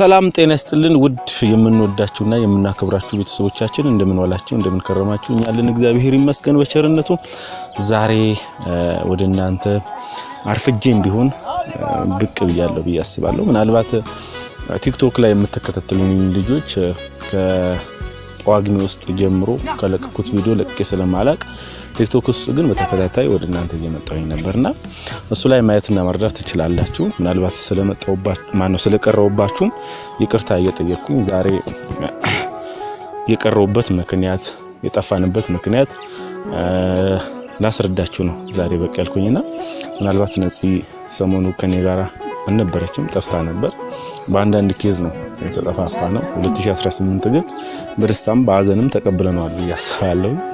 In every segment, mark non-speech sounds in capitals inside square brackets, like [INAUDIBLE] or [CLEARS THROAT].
ሰላም ጤና ይስጥልን። ውድ የምንወዳችሁና የምናከብራችሁ ቤተሰቦቻችን እንደምን ዋላችሁ? እንደምን ከረማችሁ? እኛ እግዚአብሔር ይመስገን በቸርነቱ። ዛሬ ወደ እናንተ አርፍጄም ቢሆን ብቅ ብያለሁ ብዬ አስባለሁ። ምናልባት ቲክቶክ ላይ የምትከታተሉኝ ልጆች ጳጉሜ ውስጥ ጀምሮ ከለቀኩት ቪዲዮ ለቅቄ ስለማላቅ ቲክቶክ ውስጥ ግን በተከታታይ ወደ እናንተ እየመጣሁኝ ነበርና እሱ ላይ ማየትና ማረዳት ትችላላችሁ። ምናልባት ማነው ስለቀረውባችሁም ይቅርታ እየጠየቅኩኝ ዛሬ የቀረውበት ምክንያት የጠፋንበት ምክንያት ላስረዳችሁ ነው ዛሬ በቅ ያልኩኝና ምናልባት ነፂ ሰሞኑ ከኔ ጋራ አልነበረችም፣ ጠፍታ ነበር። በአንዳንድ ኬዝ ነው የተጠፋፋ ነው። 2018 ግን በደስታም በሀዘንም ተቀብለነዋል ብዬ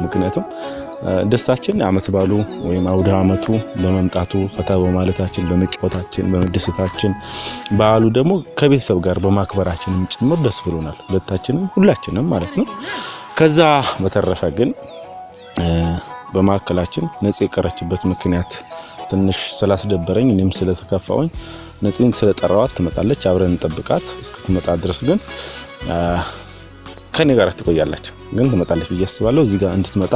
ምክንያቱም ደስታችን አመት ባሉ ወይም አውደ አመቱ በመምጣቱ ፈታ በማለታችን በመጫወታችን በመደሰታችን በዓሉ ደግሞ ከቤተሰብ ጋር በማክበራችንም ጭምር ደስ ብሎናል። ሁለታችንም ሁላችንም ማለት ነው። ከዛ በተረፈ ግን በመካከላችን ነጽ የቀረችበት ምክንያት ትንሽ ስላስደበረኝ እኔም ስለተከፋውኝ ነፂን ስለጠራዋት ትመጣለች። አብረን እንጠብቃት። እስክትመጣ ድረስ ግን ከኔ ጋር ትቆያላችሁ። ግን ትመጣለች ብዬ አስባለሁ። እዚህ ጋር እንድትመጣ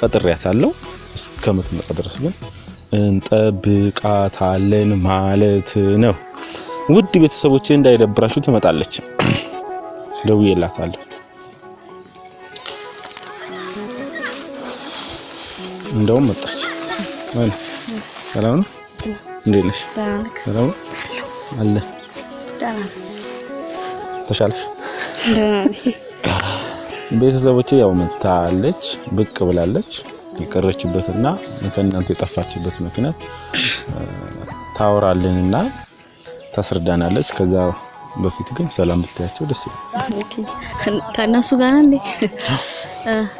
ቀጥሬያታለሁ። እስከምትመጣ ድረስ ግን እንጠብቃታለን ማለት ነው። ውድ ቤተሰቦቼ እንዳይደብራችሁ ትመጣለች። [CLEARS THROAT] ደውዬላታለሁ። እንደውም መጣች ሰላም ነው። እንዴት ነሽ? አለ ተሻለሽ? ቤተሰቦቼ ያው መታለች፣ ብቅ ብላለች። የቀረችበትና ከእናንተ የጠፋችበት ምክንያት ታወራልንና ታስረዳናለች። ከዛ በፊት ግን ሰላም ብታያቸው ደስ ይላል። ከእነሱ ጋር እንዴ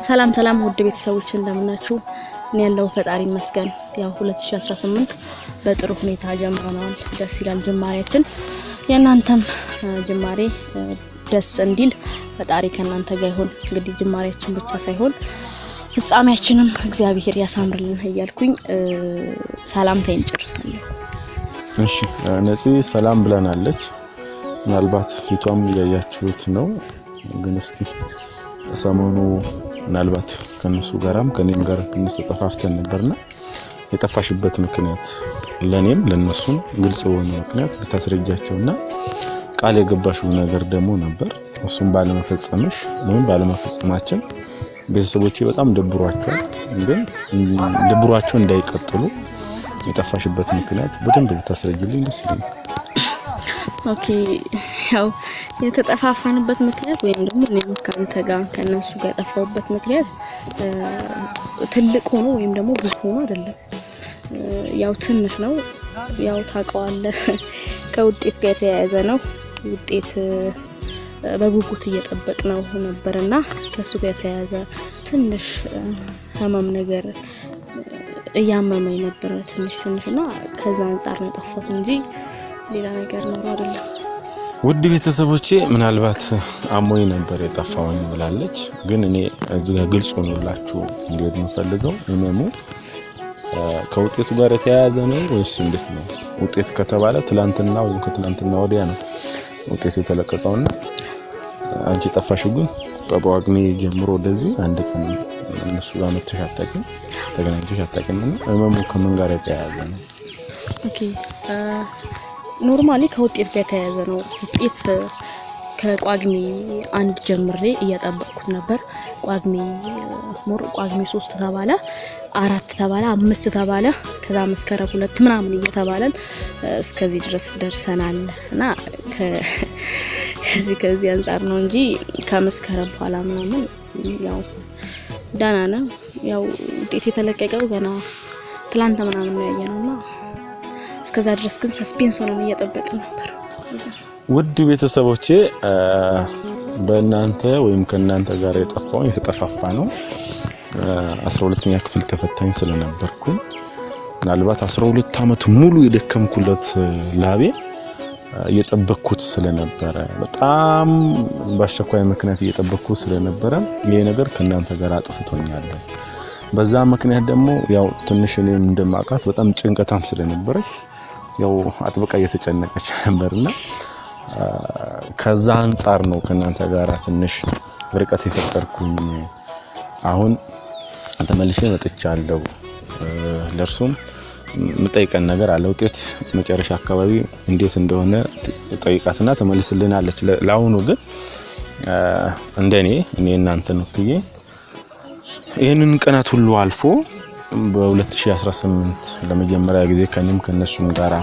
ሰላም ሰላም፣ ውድ ቤተሰቦች እንደምናችሁ? እኔ ያለው ፈጣሪ ይመስገን። ያው 2018 በጥሩ ሁኔታ ጀምረነዋል። ደስ ይላል ጅማሬያችን። የእናንተም ጅማሬ ደስ እንዲል ፈጣሪ ከእናንተ ጋር ይሁን። እንግዲህ ጅማሬያችን ብቻ ሳይሆን ፍጻሜያችንም እግዚአብሔር ያሳምርልን እያልኩኝ ሰላምታ እንጨርሳለሁ። እሺ ነፂ ሰላም ብለናለች። ምናልባት ፊቷም እያያችሁት ነው። ግን እስቲ ሰሞኑ ምናልባት ከነሱ ጋራም ከኔም ጋር ትንሽ ተጠፋፍተን ነበርና የጠፋሽበት ምክንያት ለእኔም ለእነሱም ግልጽ በሆነ ምክንያት ብታስረጃቸውና ቃል የገባሽው ነገር ደግሞ ነበር እሱም ባለመፈጸምሽ ወይም ባለመፈጸማችን ቤተሰቦች በጣም ደብሯቸዋል። ግን ደብሯቸው እንዳይቀጥሉ የጠፋሽበት ምክንያት በደንብ ብታስረጅልኝ ደስ ይለኛል። ኦኬ፣ ያው የተጠፋፋንበት ምክንያት ወይም ደግሞ እኔም ከአንተ ጋር ከእነሱ ጋር የጠፋሁበት ምክንያት ትልቅ ሆኖ ወይም ደግሞ ብዙ ሆኖ አይደለም ያው ትንሽ ነው። ያው ታውቀዋለህ፣ [LAUGHS] ከውጤት ጋር የተያያዘ ነው። ውጤት በጉጉት እየጠበቅ ነው ነበርና ከሱ ጋር የተያያዘ ትንሽ ህመም ነገር እያመመኝ ነበረ ትንሽ ትንሽ እና ከዛ አንጻር ነው የጠፋሁት እንጂ ሌላ ነገር ኖሮ አይደለም። ውድ ቤተሰቦቼ ምናልባት አሞኝ ነበር የጠፋውኝ ብላለች። ግን እኔ እዚህ ጋር ግልጽ ሆኖላችሁ እንዲሄድ የምፈልገው ህመሙ ከውጤቱ ጋር የተያያዘ ነው ወይስ እንዴት ነው? ውጤት ከተባለ ትላንትና ወይም ከትላንትና ወዲያ ነው ውጤቱ የተለቀቀውና አንቺ ጠፋሽ። ግን በጳጉሜ ጀምሮ ወደዚህ አንድ ቀን እነሱ ጋር መጥተሽ አታውቂም፣ ተገናኝተሽ አታውቂም። ህመሙ ከምን ጋር የተያያዘ ነው? ኦኬ ኖርማሊ ከውጤት ጋር የተያያዘ ነው ውጤት ከቋግሜ አንድ ጀምሬ እያጠበቅኩት ነበር። ጳጉሜ ሞር ጳጉሜ ሶስት ተባለ፣ አራት ተባለ፣ አምስት ተባለ፣ ከዛ መስከረም ሁለት ምናምን እየተባለን እስከዚህ ድረስ ደርሰናል እና ከዚህ ከዚህ አንጻር ነው እንጂ ከመስከረም በኋላ ምናምን ያው ደህና ነው። ያው ውጤት የተለቀቀው ገና ትላንት ምናምን ያየ ነው እና እስከዛ ድረስ ግን ሰስፔንስ ሆነን እየጠበቅን ነበር። ውድ ቤተሰቦቼ በእናንተ ወይም ከእናንተ ጋር የጠፋው የተጠፋፋ ነው። አስራ ሁለተኛ ክፍል ተፈታኝ ስለነበርኩ ምናልባት አስራ ሁለት ዓመት ሙሉ የደከምኩለት ላቤ እየጠበቅኩት ስለነበረ በጣም በአስቸኳይ ምክንያት እየጠበቅኩት ስለነበረ ይሄ ነገር ከእናንተ ጋር አጥፍቶኛለን በዛ ምክንያት ደግሞ ያው ትንሽ እኔም እንደማውቃት በጣም ጭንቀታም ስለነበረች ያው አጥብቃ እየተጨነቀች ነበርና ከዛ አንፃር ነው ከእናንተ ጋር ትንሽ ርቀት የፈጠርኩኝ። አሁን ተመልሼ መጥቻለሁ። ለእርሱም የምጠይቀን ነገር አለ። ውጤት መጨረሻ አካባቢ እንዴት እንደሆነ ጠይቃትና ትመልስልናለች። ለአሁኑ ግን እንደኔ እኔ እናንተን ወክዬ ይህንን ቀናት ሁሉ አልፎ በ2018 ለመጀመሪያ ጊዜ ከኔም ከነሱም ጋራ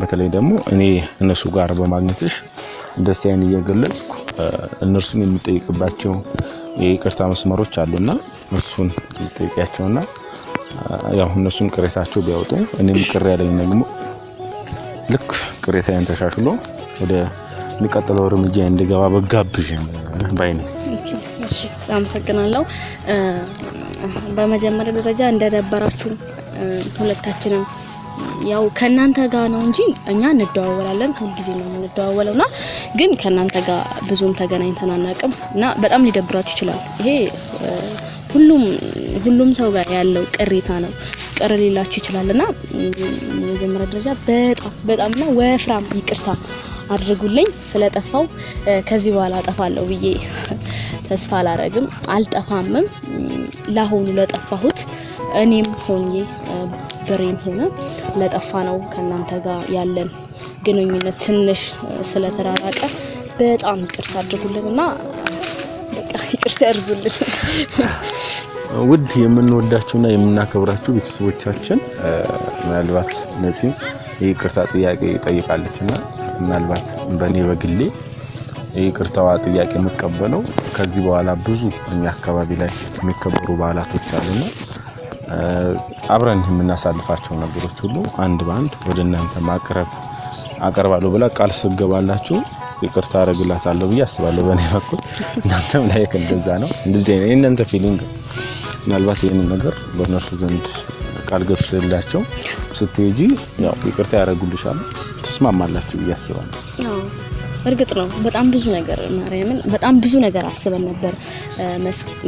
በተለይ ደግሞ እኔ እነሱ ጋር በማግኘትሽ ደስታዬን እየገለጽኩ እነርሱን የሚጠይቅባቸው የይቅርታ መስመሮች አሉና እርሱን ልጠይቃቸውና ያው እነሱም ቅሬታቸው ቢያወጡ እኔም ቅር ያለኝ ደግሞ ልክ ቅሬታዬን ተሻሽሎ ወደ የሚቀጥለው እርምጃ እንድገባ በጋብዥ ባይ ነኝ። አመሰግናለሁ። በመጀመሪያ ደረጃ እንደደበራችሁ ሁለታችንም ያው ከእናንተ ጋር ነው እንጂ እኛ እንደዋወላለን፣ ሁልጊዜ ነው የምንደዋወለው ግን ከእናንተ ጋር ብዙም ተገናኝተን አናቅም እና በጣም ሊደብራችሁ ይችላል። ይሄ ሁሉም ሁሉም ሰው ጋር ያለው ቅሬታ ነው። ቅር ሊላችሁ ይችላል እና መጀመሪያ ደረጃ በጣም በጣም ና ወፍራም ይቅርታ አድርጉልኝ ስለጠፋው። ከዚህ በኋላ አጠፋለሁ ብዬ ተስፋ አላረግም፣ አልጠፋምም። ለአሁኑ ለጠፋሁት እኔም ሆኜ ብሬም ሆነ ለጠፋ ነው ከእናንተ ጋር ያለን ግንኙነት ትንሽ ስለተራራቀ በጣም ይቅርታ አድርጉልን እና ይቅርታ ያድርጉልን። [LAUGHS] ውድ የምንወዳችሁና የምናከብራችሁ ቤተሰቦቻችን ምናልባት እነዚህ የይቅርታ ጥያቄ ይጠይቃለች እና ምናልባት በእኔ በግሌ የይቅርታዋ ጥያቄ የምቀበለው ከዚህ በኋላ ብዙ እኛ አካባቢ ላይ የሚከበሩ በዓላቶች አሉና አብረን የምናሳልፋቸው ነገሮች ሁሉ አንድ በአንድ ወደ እናንተ ማቅረብ አቀርባለሁ ብላ ቃል ስገባላችሁ ይቅርታ አደርግላታለሁ ብዬ አስባለሁ። በእኔ በኩል እናንተም ላይክ እንደዛ ነው። እንደዚህ የእናንተ ፊሊንግ። ምናልባት ይህንን ነገር በእነርሱ ዘንድ ቃል ገብስላቸው ስትሄጂ ያው ይቅርታ ያደርጉልሻል፣ ተስማማላችሁ ብዬ አስባለሁ። እርግጥ ነው በጣም ብዙ ነገር ማርያምን በጣም ብዙ ነገር አስበን ነበር።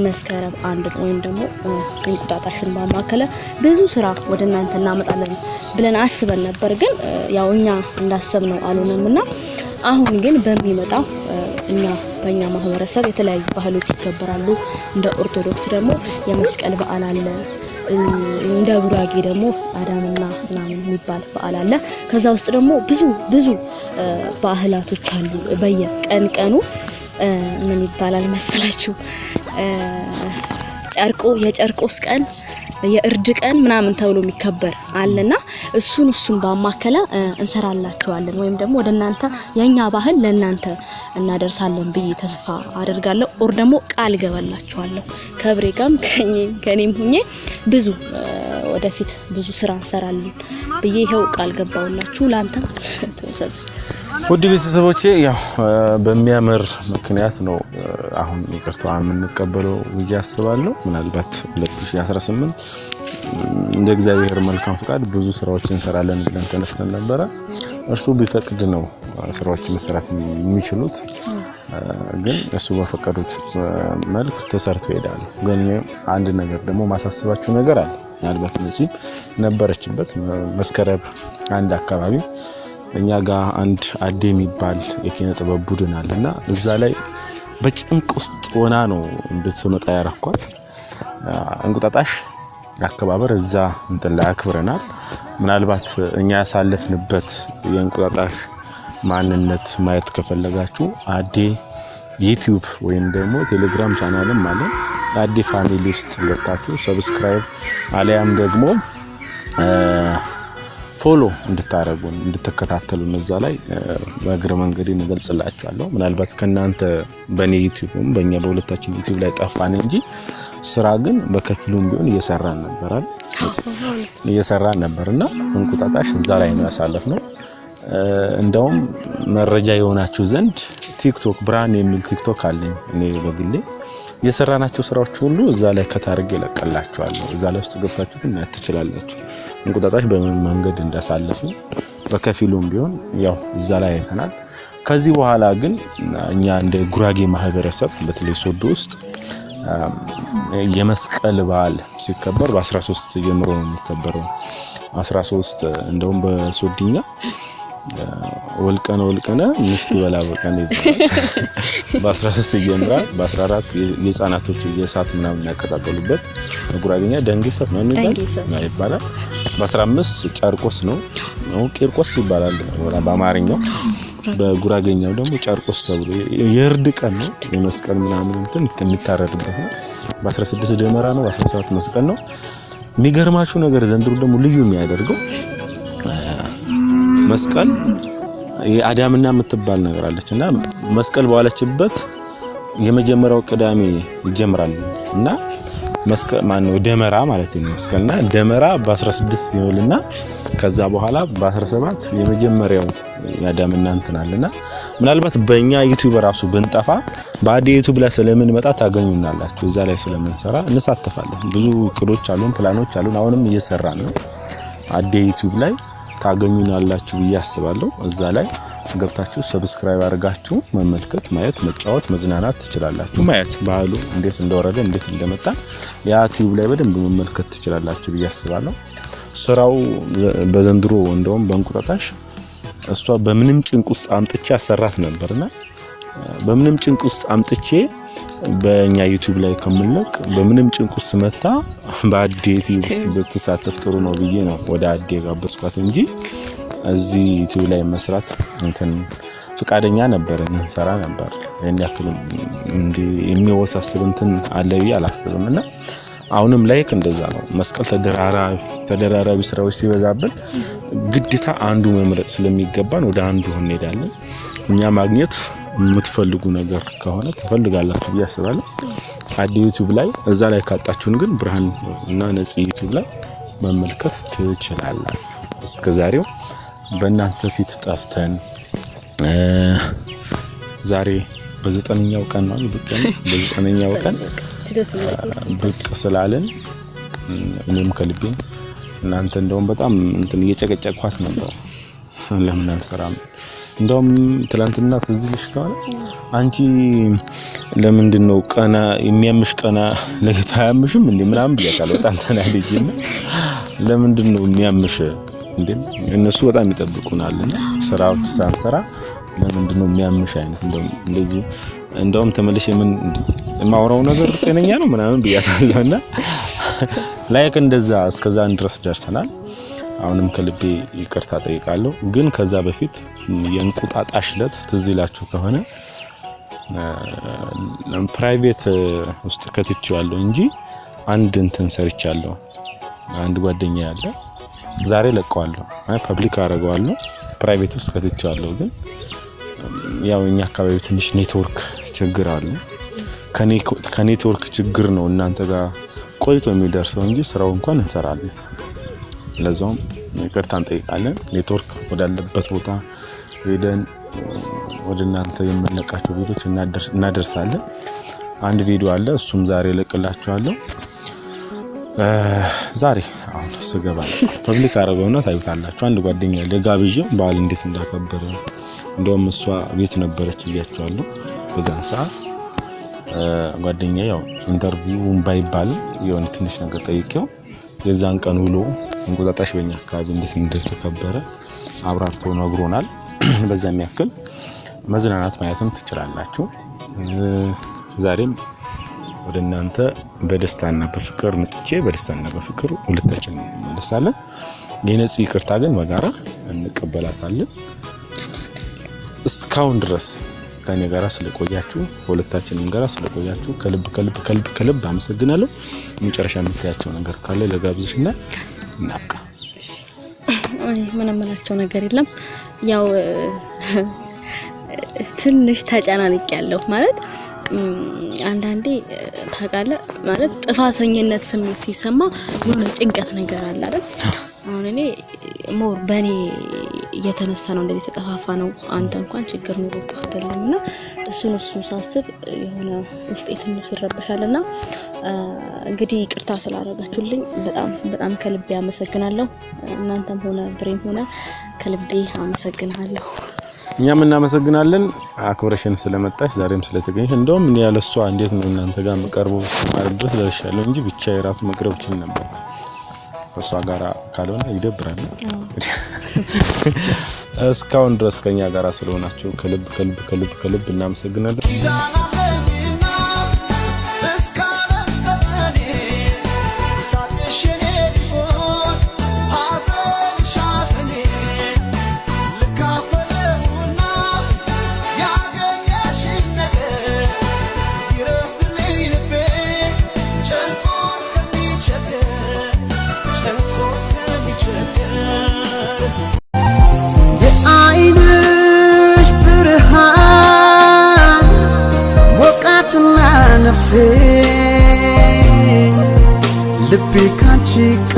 መስከረም አንድ ወይም ደግሞ እንቁጣጣሽን ባማከለ ብዙ ስራ ወደ እናንተ እናመጣለን ብለን አስበን ነበር። ግን ያው እኛ ነው አልሆነም እና አሁን ግን በሚመጣው እኛ በእኛ ማህበረሰብ የተለያዩ ባህሎች ይከበራሉ። እንደ ኦርቶዶክስ ደግሞ የመስቀል በዓል አለ እንደ ጉራጌ ደግሞ አዳምና ምናምን የሚባል በዓል አለ። ከዛ ውስጥ ደግሞ ብዙ ብዙ ባህላቶች አሉ። በየቀን ቀኑ ምን ይባላል መሰላችሁ? ጨርቆ የጨርቆስ ቀን የእርድ ቀን ምናምን ተብሎ የሚከበር አለና እሱን እሱን ባማከለ እንሰራላችኋለን ወይም ደግሞ ወደ እናንተ የእኛ ባህል ለእናንተ እናደርሳለን ብዬ ተስፋ አደርጋለሁ። ኦር ደግሞ ቃል ገበላችኋለሁ ከብሬ ጋም ከኔም ሁኜ ብዙ ወደፊት ብዙ ስራ እንሰራለን ብዬ ይኸው ቃል ገባውላችሁ። ለአንተም ተመሳሳይ ውድ ቤተሰቦቼ ያው በሚያምር ምክንያት ነው አሁን ይቅርታ የምንቀበለው ብዬ አስባለሁ። ምናልባት 2018 እንደ እግዚአብሔር መልካም ፍቃድ ብዙ ስራዎች እንሰራለን ብለን ተነስተን ነበረ። እርሱ ቢፈቅድ ነው ስራዎች መሰራት የሚችሉት፣ ግን እሱ በፈቀዱት መልክ ተሰርቶ ይሄዳሉ። ግን አንድ ነገር ደግሞ ማሳስባችሁ ነገር አለ። ምናልባት እነዚህም ነበረችበት መስከረም አንድ አካባቢ እኛ ጋር አንድ አዴ የሚባል የኪነ ጥበብ ቡድን አለ እና እዛ ላይ በጭንቅ ውስጥ ሆና ነው እንድትመጣ ያረኳት። እንቁጣጣሽ አከባበር እዛ እንትን ላይ አክብረናል። ምናልባት እኛ ያሳለፍንበት የእንቁጣጣሽ ማንነት ማየት ከፈለጋችሁ አዴ ዩቲዩብ ወይም ደግሞ ቴሌግራም ቻናልም አለ። አዴ ፋሚሊ ውስጥ ገብታችሁ ሰብስክራይብ አሊያም ደግሞ ፎሎ እንድታደረጉን እንድትከታተሉን እዛ ላይ በእግረ መንገድ እንገልጽላችኋለሁ። ምናልባት ከእናንተ በእኔ ዩቲዩብም በእኛ በሁለታችን ዩቲዩብ ላይ ጠፋን እንጂ ስራ ግን በከፊሉም ቢሆን እየሰራን ነበራል እየሰራን ነበር እና እንቁጣጣሽ እዛ ላይ ነው ነው። እንደውም መረጃ የሆናችሁ ዘንድ ቲክቶክ ብርሃን የሚል ቲክቶክ አለኝ እኔ በግሌ የሰራናቸው ስራዎች ሁሉ እዛ ላይ ከታርግ ይለቀላችኋለሁ። እዛ ላይ ውስጥ ገብታችሁ ግን ማየት ትችላላችሁ። እንቁጣጣሽ በምን መንገድ እንዳሳለፍን በከፊሉም ቢሆን ያው እዛ ላይ አይተናል። ከዚህ በኋላ ግን እኛ እንደ ጉራጌ ማህበረሰብ በተለይ ሶዶ ውስጥ የመስቀል በዓል ሲከበር በ13 ጀምሮ ነው የሚከበረው። 13 እንደውም በሶድኛ ወልቀነ ወልቀነ ሚስት በላ በቀን ይባላል። በ13 ይጀምራል። በ14 የህፃናቶች የእሳት ምናምን የሚያቀጣጠሉበት ጉራጌኛ ደንግሰት ነው ይባላል። በ15 ጨርቆስ ነው ነው ቂርቆስ ይባላል በአማርኛው። በጉራገኛው ደግሞ ጨርቆስ ተብሎ የእርድ ቀን ነው። የመስቀል ምናምን እንትን የሚታረድበት ነው። በ16 ደመራ ነው፣ በ17 መስቀል ነው። የሚገርማችሁ ነገር ዘንድሮ ደግሞ ልዩ የሚያደርገው መስቀል የአዳምና የምትባል ነገር አለች እና መስቀል በዋለችበት የመጀመሪያው ቅዳሜ ይጀምራል እና መስቀል ደመራ ማለት ነው። መስቀልና ደመራ በ16 ይውልና ከዛ በኋላ በ17 የመጀመሪያው ያዳምና እንትን አለና ምናልባት በእኛ ዩቲዩብ ራሱ ብንጠፋ በአዲ ዩቲዩብ ላይ ስለምንመጣ ታገኙናላችሁ። እዛ ላይ ስለምንሰራ እንሳተፋለን። ብዙ እቅዶች አሉን፣ ፕላኖች አሉን። አሁንም እየሰራን ነው አዲ ዩቲዩብ ላይ ታገኙናላችሁ ብዬ አስባለሁ። እዛ ላይ ገብታችሁ ሰብስክራይብ አድርጋችሁ መመልከት፣ ማየት፣ መጫወት፣ መዝናናት ትችላላችሁ። ማየት ባህሉ እንዴት እንደወረደ እንዴት እንደመጣ የዩቲዩብ ላይ በደንብ መመልከት ትችላላችሁ ብዬ አስባለሁ። ስራው በዘንድሮ እንደውም በእንቁጣጣሽ እሷ በምንም ጭንቅ ውስጥ አምጥቼ አሰራት ነበርና በምንም ጭንቅ ውስጥ አምጥቼ በእኛ ዩቲዩብ ላይ ከምለቅ በምንም ጭንቁ ስመታ በአዴ ዩቲዩብ ውስጥ ብትሳተፍ ጥሩ ነው ብዬ ነው ወደ አዴ ጋበዝኳት እንጂ እዚህ ዩቲዩብ ላይ መስራት እንትን ፍቃደኛ ነበር እንሰራ ነበር። ይህን ያክል የሚወሳስብ እንትን አለ ብዬ አላስብም። እና አሁንም ላይክ እንደዛ ነው። መስቀል ተደራራቢ ስራዎች ሲበዛብን ግዴታ አንዱ መምረጥ ስለሚገባን ወደ አንዱ እንሄዳለን እኛ ማግኘት የምትፈልጉ ነገር ከሆነ ትፈልጋላችሁ ብዬ አስባለሁ። አዲ ዩቲዩብ ላይ እዛ ላይ ካጣችሁን ግን ብርሃን እና ነጽ ዩቲዩብ ላይ መመልከት ትችላላችሁ። እስከ ዛሬው በእናንተ ፊት ጠፍተን ዛሬ በዘጠነኛው ቀን ነው ብቅ [LAUGHS] በዘጠነኛው ቀን ብቅ ስላለን እኔም ከልቤ እናንተ እንደውም በጣም እንትን እየጨቀጨቅኳት ነበር ለምን አልሰራም እንደውም ትላንትና ትዝ ይልሽ ከሆነ አንቺ ለምንድን ነው ቀና የሚያምሽ? ቀና ለጌታ አያምሽም እንዴ ምናምን ብያታለሁ። በጣም ተናድጄና ለምንድን ነው የሚያምሽ እንዴ? እነሱ በጣም ይጠብቁናልና ስራዎች ሳንሰራ ለምንድን ነው የሚያምሽ አይነት እንደውም እንደዚህ እንደውም ተመልሼ ምን የማውራው ነገር ጤነኛ ነው ምናምን ብያታለሁና ላይክ እንደዛ እስከዛን ድረስ ደርሰናል። አሁንም ከልቤ ይቅርታ ጠይቃለሁ። ግን ከዛ በፊት የእንቁጣጣሽ ዕለት ትዝ ይላችሁ ከሆነ ፕራይቬት ውስጥ ከትቼዋለሁ እንጂ አንድ እንትን ሰርቻለሁ። አንድ ጓደኛ ያለ ዛሬ ለቀዋለሁ፣ ፐብሊክ አደርገዋለሁ። ፕራይቬት ውስጥ ከትቼዋለሁ። ግን ያው እኛ አካባቢ ትንሽ ኔትወርክ ችግር አለ። ከኔትወርክ ችግር ነው እናንተ ጋር ቆይቶ የሚደርሰው እንጂ ስራው እንኳን እንሰራለን። ለዛውም ይቅርታ እንጠይቃለን። ኔትወርክ ወዳለበት ቦታ ሄደን ወደ እናንተ የምንለቃቸው ቪዲዮች እናደርሳለን። አንድ ቪዲዮ አለ፣ እሱም ዛሬ እለቅላችኋለሁ። ዛሬ አሁን ስገባ ፐብሊክ አረገውና ታዩታላችሁ። አንድ ጓደኛ ለጋብዤ በዓል እንዴት እንዳከበረ እንደውም እሷ ቤት ነበረች ብያቸዋለሁ። በዛ ሰዓት ጓደኛ ያው ኢንተርቪውን ባይባልም የሆነ ትንሽ ነገር ጠይቄው የዛን ቀን ውሎ እንቁጣጣሽ በእኛ አካባቢ እንዴት እንደተከበረ አብራርቶ ነግሮናል። [CLEARS THROAT] በዛም ያክል መዝናናት ማየትም ትችላላችሁ። ዛሬም ወደ እናንተ በደስታና በፍቅር ምጥቼ በደስታና በፍቅር ሁለታችን እንመለሳለን። የነጽ ይቅርታ ግን በጋራ እንቀበላታለን። እስካሁን ድረስ ከኔ ጋራ ስለቆያችሁ ሁለታችንም ጋራ ስለቆያችሁ ከልብ ከልብ ከልብ ከልብ አመሰግናለሁ። መጨረሻ የምታያቸው ነገር ካለ ለጋብዝሽና እናብቃ። ምንም እላቸው ነገር የለም። ያው ትንሽ ተጨናንቅ ያለው ማለት አንዳንዴ ታውቃለህ ማለት ጥፋተኝነት ስሜት ሲሰማ የሆነ ጭንቀት ነገር አለ አይደል? አሁን እኔ ሞር በእኔ እየተነሳ ነው እንደዚህ የተጠፋፋ ነው። አንተ እንኳን ችግር ኑሮባ አይደለም እና እሱን እሱን ሳስብ የሆነ ውስጤ ትንሽ ይረብሻል እና እንግዲህ ይቅርታ ስላደረጋችሁልኝ በጣም በጣም ከልቤ አመሰግናለሁ። እናንተም ሆነ ብሬም ሆነ ከልቤ አመሰግናለሁ። እኛም እናመሰግናለን አክብረሽን ስለመጣሽ ዛሬም ስለተገኘሽ። እንደውም እኔ ያለሷ እንዴት ነው እናንተ ጋር መቀርቦ ማርበት ደርሻለሁ እንጂ ብቻ የራሱ መቅረብ ችል ነበር። ከእሷ ጋር ካልሆነ ይደብራል። [LAUGHS] እስካሁን ድረስ ከኛ ጋር ስለሆናችሁ ከልብ ከልብ ከልብ ከልብ እናመሰግናለን። be country